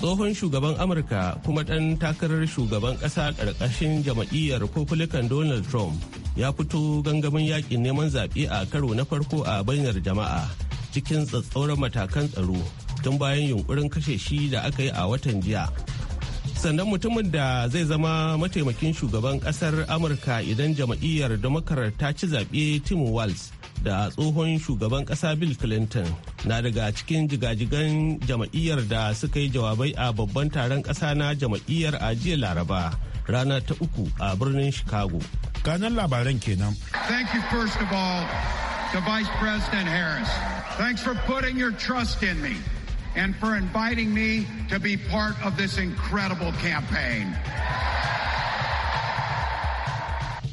tsohon shugaban amurka kuma ɗan takarar shugaban ƙasa ƙarƙashin jam'iyyar republican donald trump ya fito gangamin yakin neman zaɓe a karo na farko a banyar jama'a cikin tsatsauran matakan tsaro tun bayan yunkurin kashe shi da aka yi a watan jiya sannan mutumin da zai zama mataimakin shugaban kasar amurka idan jam'iyyar democrat ta ci zaɓe tim walz da tsohon shugaban kasa bill clinton na daga cikin jigajigan jama'iyyar da suka yi jawabai a babban taron kasa na jama'iyyar a laraba rana ta uku a birnin chicago ganin labaran kenan thank you first of all to vice president harris thanks for putting your trust in me and for inviting me to be part of this incredible campaign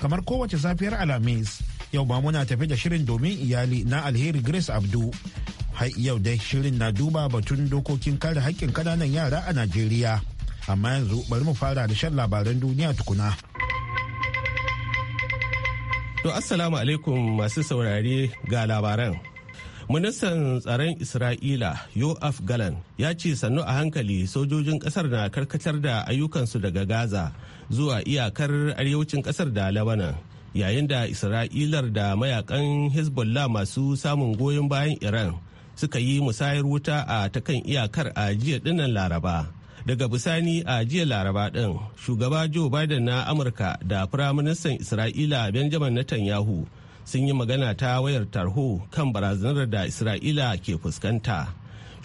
kamar kowace safiyar alhamis yau ba muna tafi da shirin domin iyali na alheri grace abdu yau dai shirin na duba batun dokokin kare haƙƙin kananan yara a najeriya amma yanzu bari mu fara da shan labaran duniya tukuna to assalamu alaikum masu saurare ga labaran ministan tsaron isra'ila yoaf galan ya ce sannu a hankali sojojin kasar na karkatar da ayyukansu daga gaza zuwa iyakar arewacin kasar da labanan yayin da isra'ilar da mayakan hezbollah masu samun goyon bayan iran suka yi musayar wuta a ta kan iyakar a jiya dinnan laraba daga bisani a jiya laraba din shugaba joe biden na amurka da firaministan isra'ila benjamin netanyahu sun yi magana ta wayar tarho kan barazanar da isra'ila ke fuskanta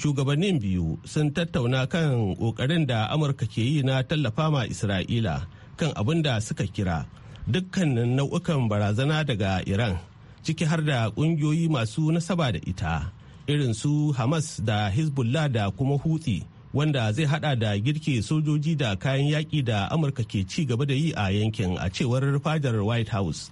shugabannin biyu sun tattauna kan ƙoƙarin da amurka ke yi na tallafa ma isra'ila kan abin da suka kira dukkanin nau'ukan barazana daga iran ciki har da ƙungiyoyi masu nasaba da ita irin su hamas da hezbollah da kuma hutsi wanda zai hada da girke sojoji da kayan yaƙi da amurka ke ci gaba da yi a yankin a cewar fadar white house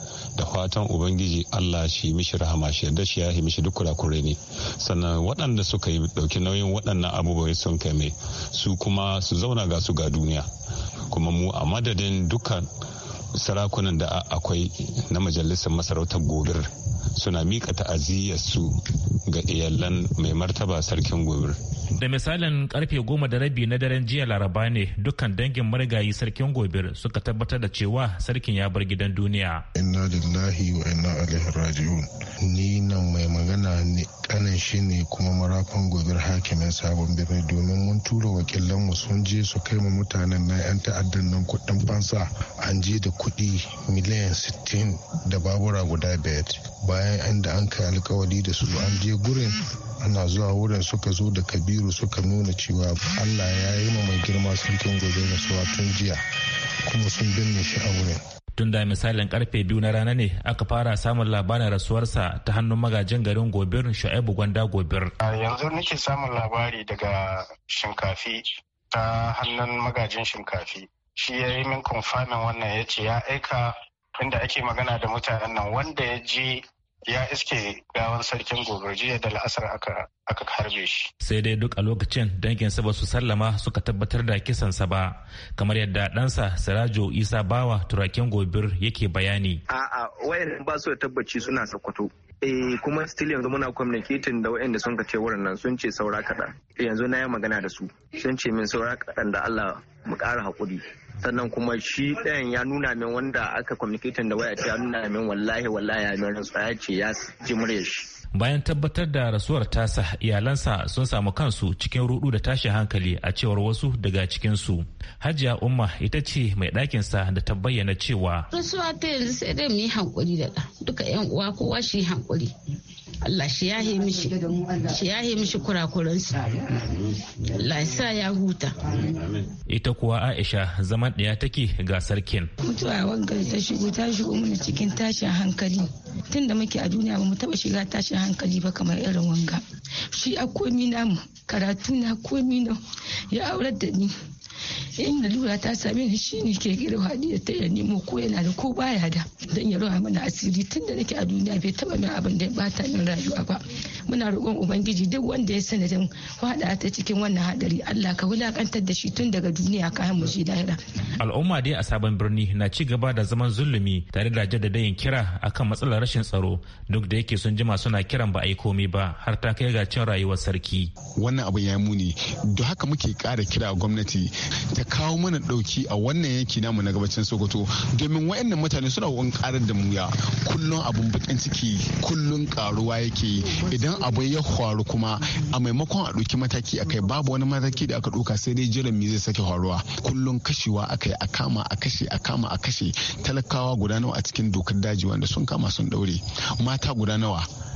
da fatan ubangiji allah shi mishi rahama shi yarda shi ya yi mishi duk kurakure ne sannan waɗanda suka yi ɗauki nauyin waɗannan abubuwa sun kai mai su kuma su zauna ga su ga duniya kuma mu a madadin dukkan sarakunan da akwai na majalisar masarautar gobir suna mika su ga iyalan mai martaba sarkin gobir. Da misalin karfe goma da rabi na daren jiya laraba ne dukkan dangin marigayi sarkin gobir suka tabbatar da cewa sarkin ya bar gidan duniya. Inna lillahi wa inna ilaihi Ni nan mai magana ne kanin shi ne kuma marafan gobir hakimin sabon birni domin mun tura wakilan mu sun je su kai mu mutanen na yan ta'addan nan kuɗin fansa an je da kudi miliyan sittin da babura guda biyar bayan inda an kai alkawari da su an je gurin ana zuwa wurin suka zo da kabiru suka nuna cewa allah ya yi ma mai girma sulkin gobe na suwa tun jiya kuma sun binne shi a wurin tun da misalin karfe biyu na rana ne aka fara samun labarin rasuwarsa ta hannun magajin garin gobir shu'aibu gwanda gobir yanzu nake samun labari daga shinkafi ta hannun magajin shinkafi shi ya yi min kumfanin wannan ya ce ya aika inda ake magana da mutanen nan wanda ya je ya iske gawan sarkin gobe da la'asar aka harbe shi. Sai dai duk a lokacin danginsa ba su sallama suka tabbatar da kisansa ba kamar yadda ɗansa Sirajo Isa Bawa turakin gobir yake bayani. A'a wayan ba su da tabbaci suna sakwato. Eh kuma still yanzu muna communicating da wayanda sun ka ce wurin nan sun ce saura kaɗan. Yanzu na yi magana da su. Sun ce min saura kaɗan da Allah mu ƙara haƙuri. sannan kuma shi ɗayan ya nuna min wanda aka communicating da waya ce ya nuna min wallahi wallahi ya min ya ce ya ji murya shi bayan tabbatar da rasuwar tasa iyalansa sun samu kansu cikin rudu da tashin hankali a cewar wasu daga cikinsu hajiya umma ita ce mai sa da ta bayyana cewa rasuwa ta yanzu sai dai mu yi hankuri da ɗa duka yan uwa kowa shi hankuri Allah shi yi mishi shi yi mishi sa Allah ya sa ya huta ita kuwa Aisha zaman ɗaya take ga sarkin mutuwa wangar ta shigo ta shigo mana cikin tashin hankali tun da muke a duniya ba mu taba shiga tashin hankali ba kamar irin wanga shi a komi namu karatu na komi na ya aurar da ni in lura ta same ni shine ke gida hadiya ta ya nemo ko yana da ko baya da dan ya rawa mana asiri tun da nake a duniya bai taba min abin da ya bata min rayuwa ba muna roƙon ubangiji duk wanda ya sani dan hada ta cikin wannan hadari Allah ka wulakantar da shi tun daga duniya ka mu shi lahira al'umma dai a sabon birni na ci gaba da zaman zulumi tare da jaddadayin kira akan matsalar rashin tsaro duk da yake sun jima suna kiran ba a yi komai ba har ta kai ga cin rayuwar sarki wannan abu ya muni don haka muke kara kira gwamnati ta kawo mana dauki a wannan yanki namu na gabacin sokoto domin wayannan mutane suna wan karar da muya kullun abun bakin ciki kullun karuwa yake idan abu ya faru kuma a maimakon a ɗauki mataki akai babu wani mataki da aka ɗauka sai dai jiran me zai saki faruwa kullun kashewa akai a kama a kashe a kama a kashe talakawa guda nawa a cikin dokar daji wanda sun kama sun daure mata guda nawa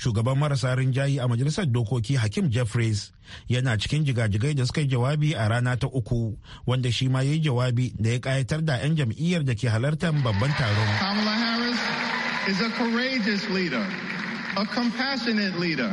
shugaban marasa rinjayi a majalisar dokoki hakim jeffries yana cikin jigajigai da suka yi jawabi a rana ta uku wanda shi ma ya yi jawabi da ya kayatar da 'yan jam'iyyar da ke halartar babban taron is a courageous leader, a compassionate leader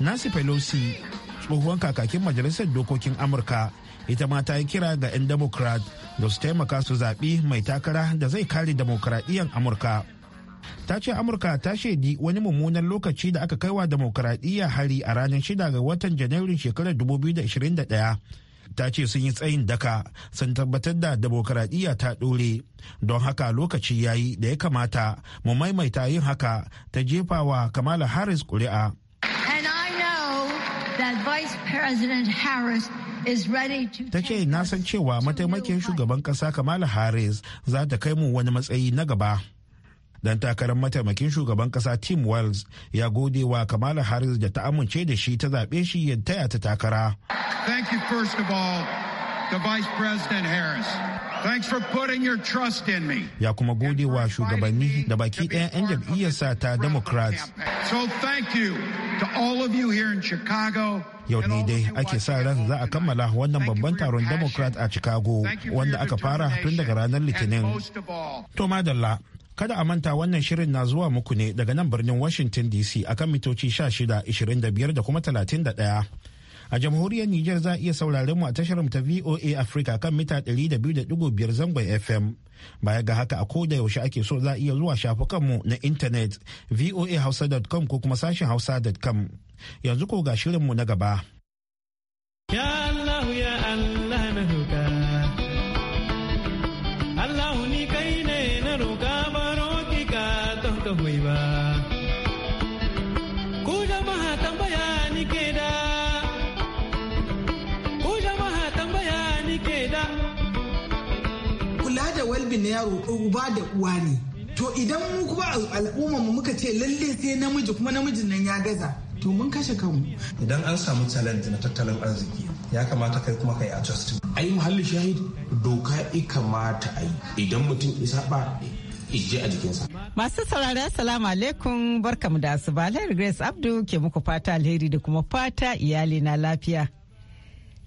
nancy pelosi tsohuwan kakakin majalisar dokokin amurka ita ma ta yi kira ga 'yan democrat da su taimaka su zaɓi mai takara da zai kare demokradiyyar amurka ta ce amurka ta shaidi wani mummunan lokaci da aka kai wa demokradiyya hari a ranar shida ga watan janairun shekarar 2021 ta ce sun yi tsayin daka sun tabbatar da demokradiyya ta ɗore don haka lokaci ya yi da ya kamata mu maimaita yin haka ta jefa wa kamala harris ƙuri'a. Ta ce na san cewa mataimakin shugaban ƙasa Kamala Harris za ta kai mu wani matsayi na gaba. Dan takarar mataimakin shugaban ƙasa Tim Wells ya gode wa Kamala Harris da ta amince da shi ta zaɓe shi ya taya ta takara. Thank you first of all to Vice President Harris. Ya kuma gode wa shugabanni da baki ɗaya 'yan jam'iyyarsa ta Democrats. So thank you to all of you here in Chicago. Yau ne dai ake sa ran za a kammala wannan babban taron Democrat a Chicago wanda aka fara tun daga ranar Litinin. To madalla, kada a manta wannan shirin na zuwa muku ne daga nan birnin Washington DC akan mitoci 16, 25 da kuma 31. A jamhuriyar Nijar za a iya sauraren mu a tashar ta VOA Africa kan mita 200.5 zangon FM. Baya ga haka a koda yaushe ake so za a iya zuwa shafukanmu na intanet voahausa.com ko kuma sashen hausa.com. Yanzu ko ga shirinmu na gaba. na yaro uba da uwa ne to idan mu kuma al'umma mu muka ce lalle sai namiji kuma namijin nan ya gaza to mun kashe kanmu idan an samu challenge na tattalin arziki ya kamata kai kuma kai a yi muhalli shahid doka i kamata yi idan mutum isa ba ije a jikinsa. Masu saurari assalamu alaikum barkamu da asuba Alheri Grace Abdu ke muku fata alheri da kuma fata iyali na lafiya.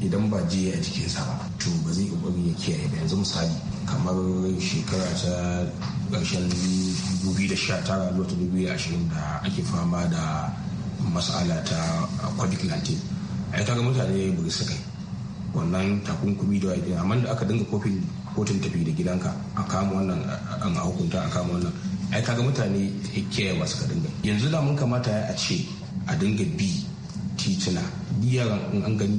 idan ba ji a jikinsa ba to ba zai kokari ya kiyaye ba yanzu misali kamar shekara ta ƙarshen 2019 zuwa 2020 da ake fama da matsala ta covid-19 a yi ga mutane ba su kai wannan takunkumi da wajen amma da aka dinga kofin kotun tafi da gidanka a kama wannan an a hukunta a kama wannan yi kaga mutane kiyaye ba ka dinga yanzu da mun kamata a ce a dinga bi titina biyar an gani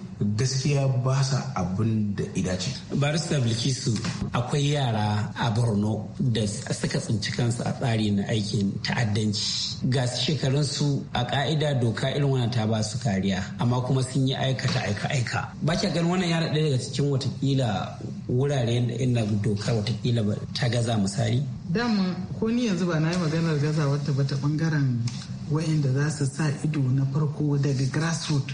gaskiya ba sa abin da idace. barista bilkisu akwai yara a borno da suka tsinci kansu a tsari na aikin ta'addanci ga shekarun su a ka'ida doka irin wannan ta ba su kariya amma kuma sun yi aikata aika aika ba ki ganin wannan yara ɗaya daga cikin watakila wuraren da inda dokar watakila ta gaza misali dama ko ni yanzu ba na yi maganar gaza wata bata bangaren wa'inda za su sa ido na farko daga grassroots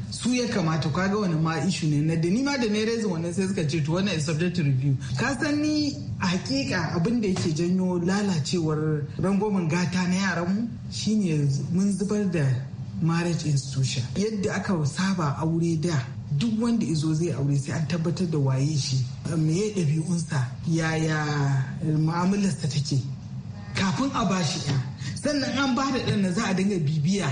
su ya kamata kaga wani ma ishu ne na da ni ma da ne reza wannan sai suka ce to wannan is subject review ka san ni a hakika abin da yake janyo lalacewar rangwamen gata na yaran mu shine mun zubar da marriage institution yadda aka saba aure da duk wanda izo zai aure sai an tabbatar da waye shi Me ya ɗabi'unsa yaya mu'amalarsa take kafin a bashi ya sannan an ba da ɗan za a dinga bibiya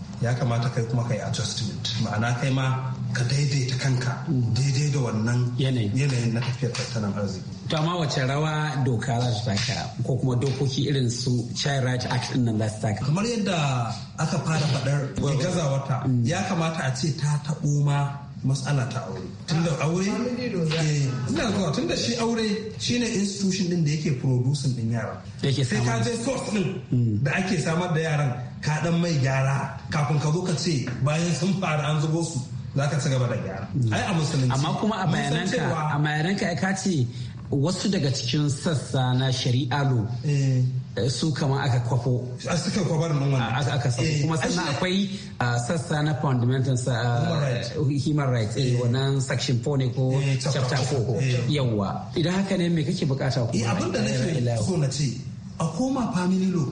ya kamata kai kuma kai adjustment ma'ana kai ma ka daidaita kanka daidai da wannan yanayin na tafiyar tattalin arziki to amma wace rawa doka za su taka ko kuma dokoki irin su child right act din nan za su taka kamar yadda aka fara faɗar gazawata mm. ya kamata a ce ta taɓo ma matsala ta aure tunda ah, aure eh, ina zuwa tunda shi aure shine institution din da yake producing din yara sai ka je source din hmm. da ake samar da yaran ka dan mai gyara kafin ka zo ka ce bayan sun fara an zubo su za ka ci gaba da gyara hmm. ai a musulunci amma kuma a bayananka a bayananka ka ce wasu daga cikin sassa na shari'a lo eh. Eh, su kama aka kwafo a ah, suka kwabar nan A ah, aka sa eh, kuma sannan akwai ah, sassa na fundamental human rights eh, wannan section 4 ne ko chapter 4 yawa idan haka ne me kake bukata ku abinda nake so na ce a koma family law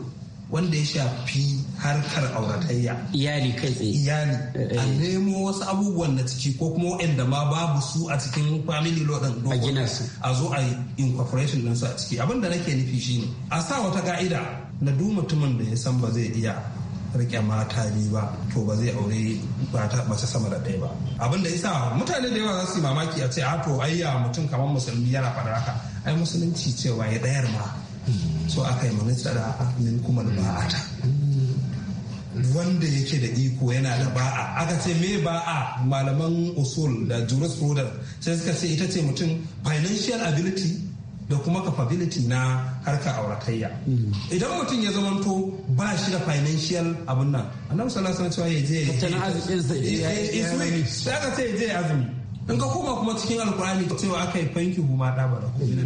wanda ya shafi harkar auratayya iyali kai tsaye iyali eh, eh. a nemo wasu abubuwan na ciki ko kuma waɗanda ma babu su a cikin family law din a gina su a zo a incorporation din su a ciki abinda nake nufi shine a sa wata ka'ida na duk mutumin da ya san ba zai iya rike mata biyu ba to ba zai aure mace sama da ɗaya ba abin da yasa mutane da yawa za su yi mamaki a ce a to ayya mutum kamar musulmi yana faɗa haka ai musulunci cewa ya ɗayar ma so aka yi mana tsara min kuma da ba'ata wanda yake da iko yana da ba'a aka ce me ba'a malaman usul da jurisprudence sai suka ce ita ce mutum financial ability da kuma capability na harkar auratayya idan mutum ya to ba shi da financial abin nan annabi sallallahu alaihi wasallam ya je ya arzikin sa sai aka ce ya je azumi in ka koma kuma cikin alkurani cewa aka yi fanki huma da ba bala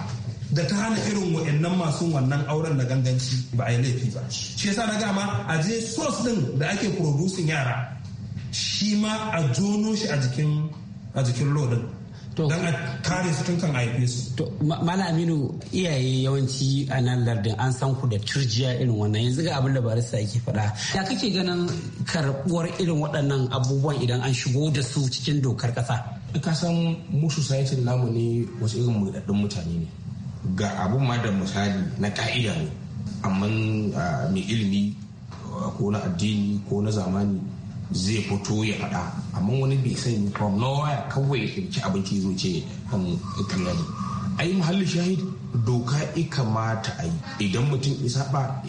da ta hana irin wa'annan masu wannan auren na ganganci ba a yi laifi ba shi yasa na gama a je sos din da ake producing yara shi ma a jono shi a jikin a jikin lodin don a kare su tun kan haife su to mala aminu iyaye yawanci a nan lardin an san ku da turjiya irin wannan yanzu ga abin da sa yake faɗa ya kake ganin karɓuwar irin waɗannan abubuwan idan an shigo da su cikin dokar ƙasa ka san mu society namu ne wasu irin mu mutane ne ga abun ma da misali na ka'ida ne amma mai ilimi ko na addini ko na zamani zai fito ya faɗa amma wani bai sani from nowhere kawai ya ci abinci zo ce kan ƙarya ne ai muhalli shahid doka i kamata a yi idan mutum ya saba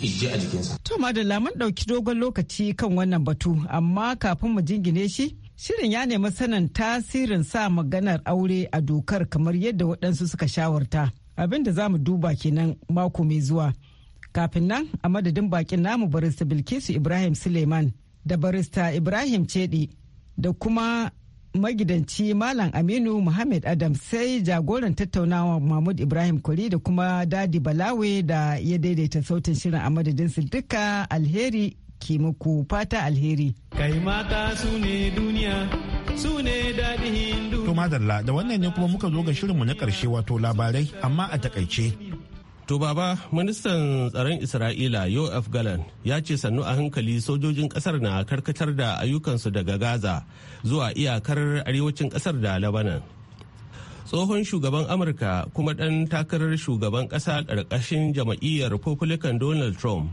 ije a jikinsa. To madalla mun ɗauki dogon lokaci kan wannan batu amma kafin mu jingine shi Shirin ya nemi sanin tasirin sa maganar aure a dokar kamar yadda waɗansu suka shawarta. Abin da za mu duba kenan mako mai zuwa. Kafin nan a madadin bakin namu barista Bilkisu Ibrahim Suleiman da barista Ibrahim Cedi da kuma magidanci Malam Aminu Muhammad Adam sai jagoran tattaunawa Mahmud Ibrahim Kuri da kuma Dadi Balawe da ya daidaita sautin shirin a madadinsu duka alheri ke muku fata alheri. Kai mata su ne duniya, su ne daɗin Hindu. To madalla da wannan ne kuma muka zo ga shirinmu na ƙarshe wato labarai amma a takaice. To baba, ministan tsaron Isra'ila Yoav Galan ya ce sannu a hankali sojojin kasar na karkatar da ayyukansu daga Gaza zuwa iyakar arewacin kasar da Lebanon. tsohon shugaban amurka kuma ɗan takarar shugaban ƙasa ƙarƙashin jama'iyyar republican donald trump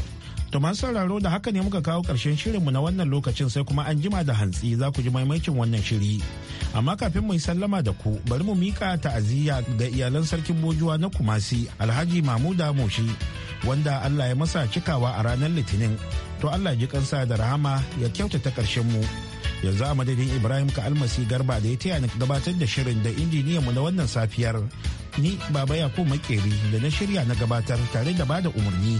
To masu sauraro da haka ne muka kawo ƙarshen shirinmu na wannan lokacin sai kuma an jima da hantsi za ku ji maimakin wannan shiri. Amma kafin mu yi sallama da ku bari mu mika ta'aziyya ga iyalan sarkin bojuwa na Kumasi Alhaji Mamuda Moshi wanda Allah ya masa cikawa a ranar Litinin. To Allah ji kansa da rahama ya kyautata ƙarshen mu. Yanzu a madadin Ibrahim ka almasi garba da ya taya ni gabatar da shirin da injiniyan mu na wannan safiyar. Ni Baba Yakubu Makeri da na shirya na gabatar tare da bada umarni.